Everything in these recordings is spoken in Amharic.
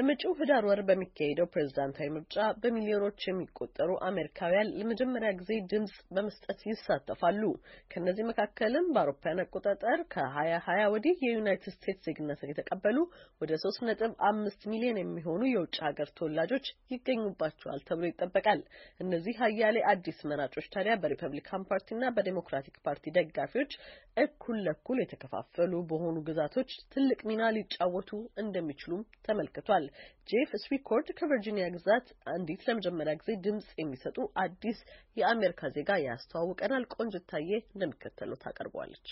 በመጪው ህዳር ወር በሚካሄደው ፕሬዝዳንታዊ ምርጫ በሚሊዮኖች የሚቆጠሩ አሜሪካውያን ለመጀመሪያ ጊዜ ድምጽ በመስጠት ይሳተፋሉ። ከእነዚህ መካከልም በአውሮፓውያን አቆጣጠር ከ2020 ወዲህ የዩናይትድ ስቴትስ ዜግነትን የተቀበሉ ወደ 3.5 ሚሊዮን የሚሆኑ የውጭ ሀገር ተወላጆች ይገኙባቸዋል ተብሎ ይጠበቃል። እነዚህ አያሌ አዲስ መራጮች ታዲያ በሪፐብሊካን ፓርቲና በዴሞክራቲክ ፓርቲ ደጋፊዎች እኩል ለኩል የተከፋፈሉ በሆኑ ግዛቶች ትልቅ ሚና ሊጫወቱ እንደሚችሉም ተመልክቷል። ጄፍ ስዊኮርድ ከቨርጂኒያ ግዛት አንዲት ለመጀመሪያ ጊዜ ድምጽ የሚሰጡ አዲስ የአሜሪካ ዜጋ ያስተዋውቀናል። ቆንጅታዬ እንደሚከተለው ታቀርበዋለች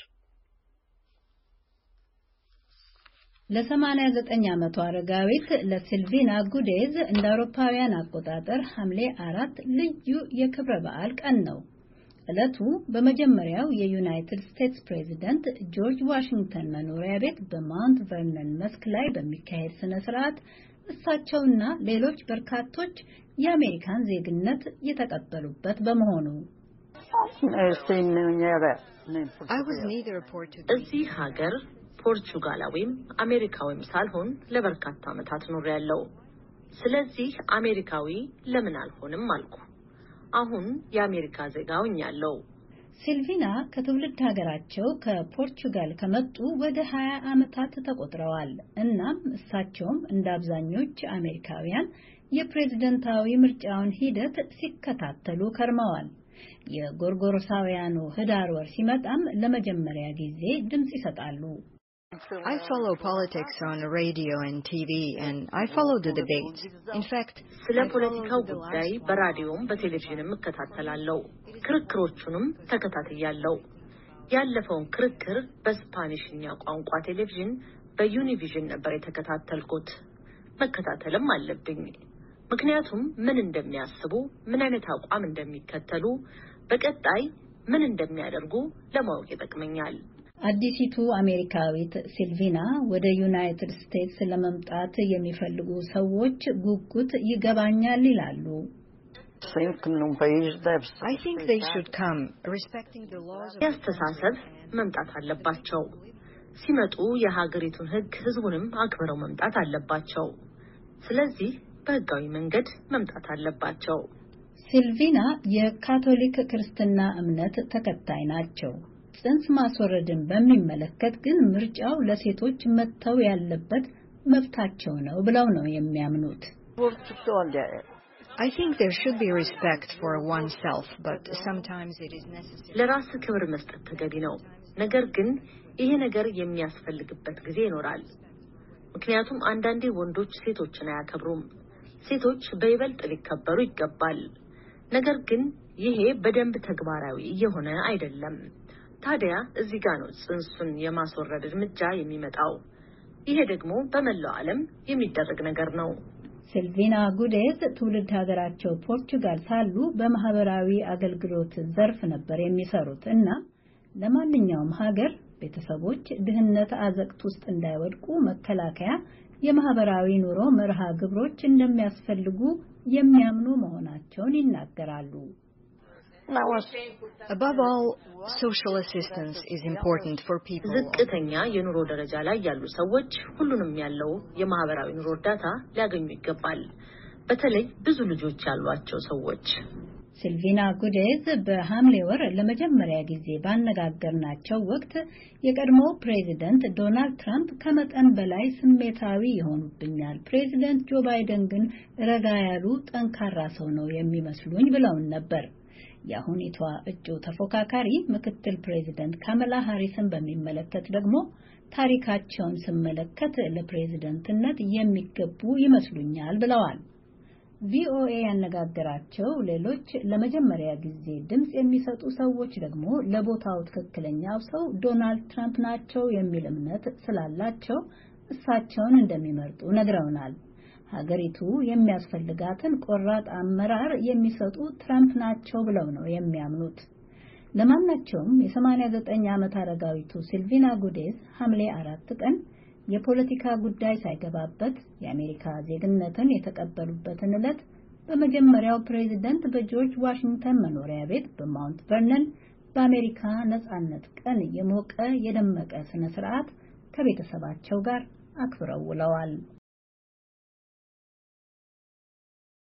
ለ ለ89 ዓመቷ አረጋዊት ለሲልቪና ጉዴዝ እንደ አውሮፓውያን አቆጣጠር ሐምሌ አራት ልዩ የክብረ በዓል ቀን ነው። ዕለቱ በመጀመሪያው የዩናይትድ ስቴትስ ፕሬዝደንት ጆርጅ ዋሽንግተን መኖሪያ ቤት በማውንት ቨርነን መስክ ላይ በሚካሄድ ስነ ስርዓት እሳቸውና ሌሎች በርካቶች የአሜሪካን ዜግነት የተቀበሉበት በመሆኑ እዚህ ሀገር ፖርቹጋላዊም አሜሪካዊም ሳልሆን ለበርካታ ዓመታት ኖሬያለሁ። ስለዚህ አሜሪካዊ ለምን አልሆንም አልኩ። አሁን የአሜሪካ ዜጋ ሆኛለሁ። ሲልቪና ከትውልድ ሀገራቸው ከፖርቹጋል ከመጡ ወደ 20 ዓመታት ተቆጥረዋል። እናም እሳቸውም እንደ አብዛኞች አሜሪካውያን የፕሬዝደንታዊ ምርጫውን ሂደት ሲከታተሉ ከርመዋል። የጎርጎሮሳውያኑ ህዳር ወር ሲመጣም ለመጀመሪያ ጊዜ ድምፅ ይሰጣሉ። I follow politics on radio and TV, and I follow the debates. In fact, ስለ ፖለቲካው ጉዳይ በራዲዮም በቴሌቪዥንም እከታተላለሁ። ክርክሮቹንም ተከታትያለሁ። ያለፈውን ክርክር በስፓኒሽኛ ቋንቋ ቴሌቪዥን በዩኒቪዥን ነበር የተከታተልኩት። መከታተልም አለብኝ። ምክንያቱም ምን እንደሚያስቡ፣ ምን አይነት አቋም እንደሚከተሉ፣ በቀጣይ ምን እንደሚያደርጉ ለማወቅ ይጠቅመኛል። አዲሲቱ አሜሪካዊት ሲልቪና ወደ ዩናይትድ ስቴትስ ለመምጣት የሚፈልጉ ሰዎች ጉጉት ይገባኛል ይላሉ። ያስተሳሰብ መምጣት አለባቸው። ሲመጡ የሀገሪቱን ሕግ ሕዝቡንም አክብረው መምጣት አለባቸው። ስለዚህ በህጋዊ መንገድ መምጣት አለባቸው። ሲልቪና የካቶሊክ ክርስትና እምነት ተከታይ ናቸው። ጽንስ ማስወረድን በሚመለከት ግን ምርጫው ለሴቶች መተው ያለበት መብታቸው ነው ብለው ነው የሚያምኑት። ለራስ ክብር መስጠት ተገቢ ነው። ነገር ግን ይሄ ነገር የሚያስፈልግበት ጊዜ ይኖራል። ምክንያቱም አንዳንዴ ወንዶች ሴቶችን አያከብሩም። ሴቶች በይበልጥ ሊከበሩ ይገባል። ነገር ግን ይሄ በደንብ ተግባራዊ እየሆነ አይደለም። ታዲያ እዚህ ጋር ነው ጽንሱን የማስወረድ እርምጃ የሚመጣው። ይሄ ደግሞ በመላው ዓለም የሚደረግ ነገር ነው። ሲልቪና ጉዴዝ ትውልድ ሀገራቸው ፖርቹጋል ሳሉ በማህበራዊ አገልግሎት ዘርፍ ነበር የሚሰሩት እና ለማንኛውም ሀገር ቤተሰቦች ድህነት አዘቅት ውስጥ እንዳይወድቁ መከላከያ የማህበራዊ ኑሮ መርሃ ግብሮች እንደሚያስፈልጉ የሚያምኑ መሆናቸውን ይናገራሉ። ዝቅተኛ የኑሮ ደረጃ ላይ ያሉ ሰዎች ሁሉንም ያለው የማህበራዊ ኑሮ እርዳታ ሊያገኙ ይገባል። በተለይ ብዙ ልጆች ያሏቸው ሰዎች። ሲልቪና ጉዴዝ በሐምሌ ወር ለመጀመሪያ ጊዜ ባነጋገርናቸው ወቅት የቀድሞው ፕሬዚደንት ዶናልድ ትራምፕ ከመጠን በላይ ስሜታዊ ይሆኑብኛል፣ ፕሬዚደንት ጆ ባይደን ግን ረጋ ያሉ ጠንካራ ሰው ነው የሚመስሉኝ ብለውን ነበር። የአሁኒቷ እጩ ተፎካካሪ ምክትል ፕሬዚደንት ካመላ ሃሪስን በሚመለከት ደግሞ ታሪካቸውን ስመለከት ለፕሬዝደንትነት የሚገቡ ይመስሉኛል ብለዋል። ቪኦኤ ያነጋገራቸው ሌሎች ለመጀመሪያ ጊዜ ድምፅ የሚሰጡ ሰዎች ደግሞ ለቦታው ትክክለኛው ሰው ዶናልድ ትራምፕ ናቸው የሚል እምነት ስላላቸው እሳቸውን እንደሚመርጡ ነግረውናል። ሀገሪቱ የሚያስፈልጋትን ቆራጥ አመራር የሚሰጡ ትራምፕ ናቸው ብለው ነው የሚያምኑት። ለማናቸውም የ89 ዓመት አረጋዊቱ ሲልቪና ጉዴዝ ሐምሌ አራት ቀን የፖለቲካ ጉዳይ ሳይገባበት የአሜሪካ ዜግነትን የተቀበሉበትን ዕለት በመጀመሪያው ፕሬዚደንት በጆርጅ ዋሽንግተን መኖሪያ ቤት በማውንት ቨርነን በአሜሪካ ነጻነት ቀን የሞቀ የደመቀ ስነ ስርዓት ከቤተሰባቸው ጋር አክብረው ውለዋል።